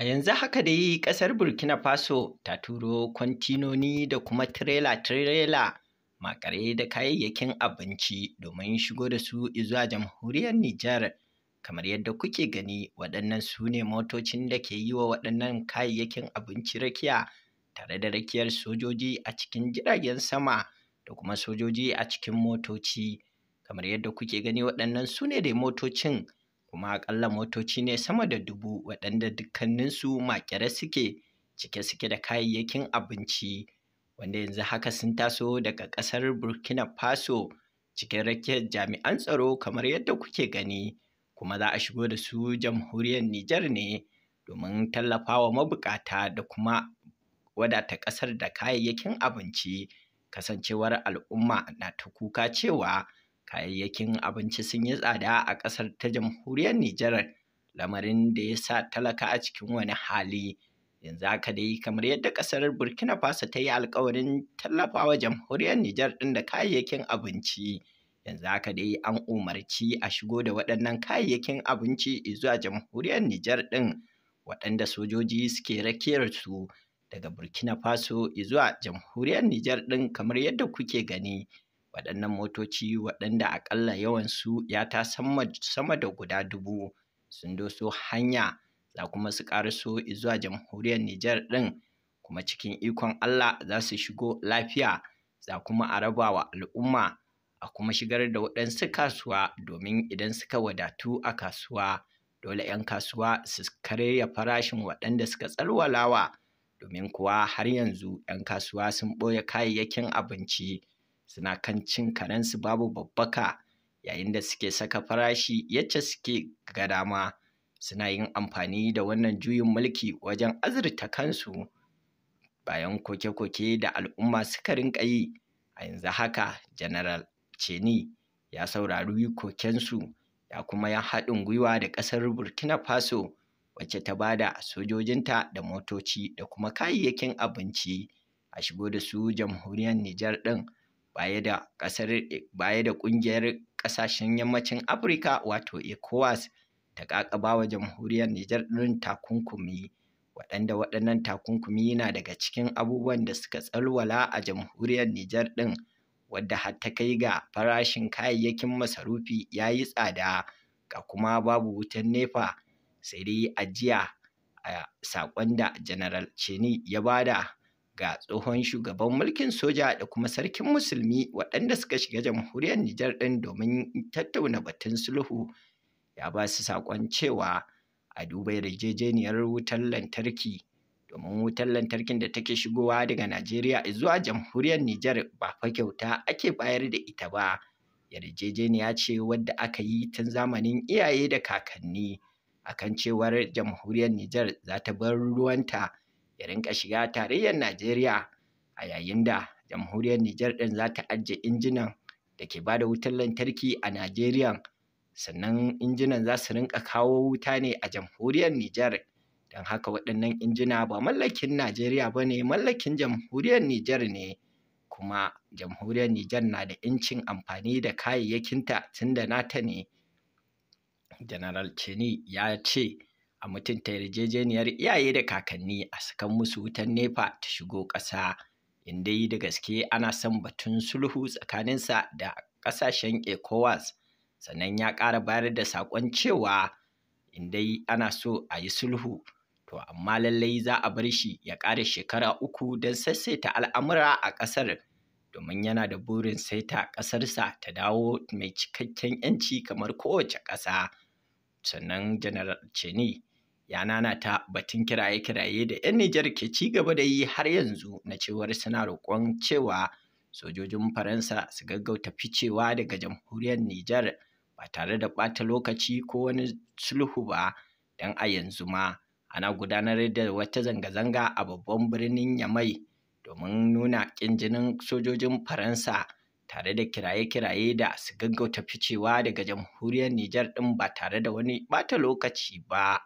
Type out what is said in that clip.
A yanzu haka dai ƙasar Burkina Faso ta turo kwantinoni da kuma tirela-tirela makare da kayayyakin abinci domin shigo da su zuwa jamhuriyar Nijar. Kamar yadda kuke gani waɗannan su ne motocin da ke yi wa waɗannan kayayyakin abinci rakiya tare da rakiyar sojoji a cikin jiragen sama da kuma sojoji a cikin motoci. Kamar yadda kuke gani waɗannan su ne dai motocin. kuma akalla motoci ne sama da dubu waɗanda dukkaninsu makere suke cike suke da kayayyakin abinci wanda yanzu haka sun taso daga ƙasar burkina faso cikin rakiyar jami'an tsaro kamar yadda kuke gani kuma za a shigo da su jamhuriyar nijar ne domin tallafawa mabukata da kuma wadata ƙasar da kayayyakin abinci kasancewar al'umma na ta kuka cewa kayayyakin abinci sun yi tsada a ƙasar ta jamhuriyar Nijar lamarin da ya sa talaka a cikin wani hali yanzu aka dai kamar yadda ƙasar Burkina Faso ta yi alkawarin tallafawa jamhuriyar Nijar ɗin da kayayyakin abinci yanzu aka dai an umarci a shigo da waɗannan kayayyakin abinci zuwa jamhuriyar Nijar ɗin waɗanda sojoji suke rakiyar su daga Burkina Faso zuwa jamhuriyar Nijar ɗin kamar yadda kuke gani waɗannan motoci waɗanda aƙalla yawansu ya ta sama da guda dubu sun doso hanya za kuma su ƙaraso zuwa jamhuriyar Nijar ɗin kuma cikin ikon Allah za su shigo lafiya za kuma a raba wa al'umma a kuma shigar da waɗansu kasuwa domin idan suka wadatu a kasuwa dole 'yan kasuwa su karya farashin waɗanda suka tsalwalawa domin kuwa har yanzu 'yan kasuwa sun ɓoye kayayyakin abinci suna kan cin karensu babu babbaka yayin da suke saka farashi yacce suke ga dama suna yin amfani da wannan juyin mulki wajen azurta kansu bayan koke-koke da al'umma suka rinka yi a yanzu haka general ceni ya saurari kokensu ya kuma ya haɗin gwiwa da ƙasar burkina faso wacce ta ba da sojojinta da motoci da kuma kayayyakin abinci a shigo da su jamhuriyar nijar ɗin baya da ƙasar baya da ƙungiyar ƙasashen yammacin Afirka wato ECOWAS ta ƙaƙabawa jamhuriyar Nijar ɗin takunkumi waɗanda waɗannan takunkumi na daga cikin abubuwan da suka tsalwala a jamhuriyar Nijar ɗin wadda har ta kai ga farashin kayayyakin masarufi ya yi tsada ga kuma babu wutan nefa sai dai a jiya a saƙon da General cheni ya bada ga tsohon shugaban mulkin soja da kuma sarkin musulmi waɗanda suka shiga jamhuriyar Nijar ɗin domin tattauna batun sulhu ya ba su saƙon cewa a duba yarjejeniyar wutar lantarki domin wutar lantarkin da take shigowa daga Najeriya zuwa jamhuriyar Nijar ba fa kyauta ake bayar da ita ba yarjejeniya ce wadda aka yi tun zamanin iyaye da kakanni akan cewar jamhuriyar Nijar za ta bar ruwanta ya rinka shiga tarayyar Najeriya a yayin da jamhuriyar Nijar ɗin za ta ajiye injinan da ke ba da wutar lantarki a Najeriya sannan injinan za su rinka kawo wuta ne a jamhuriyar Nijar don haka waɗannan injina ba mallakin Najeriya ba ne mallakin jamhuriyar Nijar ne kuma jamhuriyar Nijar na da 'yancin amfani da kayayyakinta tun tunda nata ne General Chini ya ce a mutunta yarjejeniyar iyaye da kakanni a sakan musu wutan nepa ta shigo ƙasa in dai da gaske ana son batun sulhu tsakaninsa da ƙasashen ecowas sannan ya ƙara bayar da saƙon cewa in dai ana so a yi sulhu to amma lallai za a bar shi ya ƙara shekara uku don sassaita al'amura a ƙasar domin yana da burin saita ƙasarsa ta dawo mai cikakken 'yanci kamar kowace ƙasa sannan janar ceni yanana nanata ta batun kiraye-kiraye da 'yan Nijar ke ci gaba da yi har yanzu na cewar suna roƙon cewa sojojin Faransa su gaggauta ficewa daga jamhuriyar Nijar ba tare da ɓata lokaci ko wani sulhu ba don a yanzu ma ana gudanar da wata zanga-zanga a babban birnin Yamai domin nuna ƙin jinin sojojin Faransa tare da kiraye-kiraye da su gaggauta ficewa daga jamhuriyar Nijar ɗin ba tare da wani ɓata lokaci ba.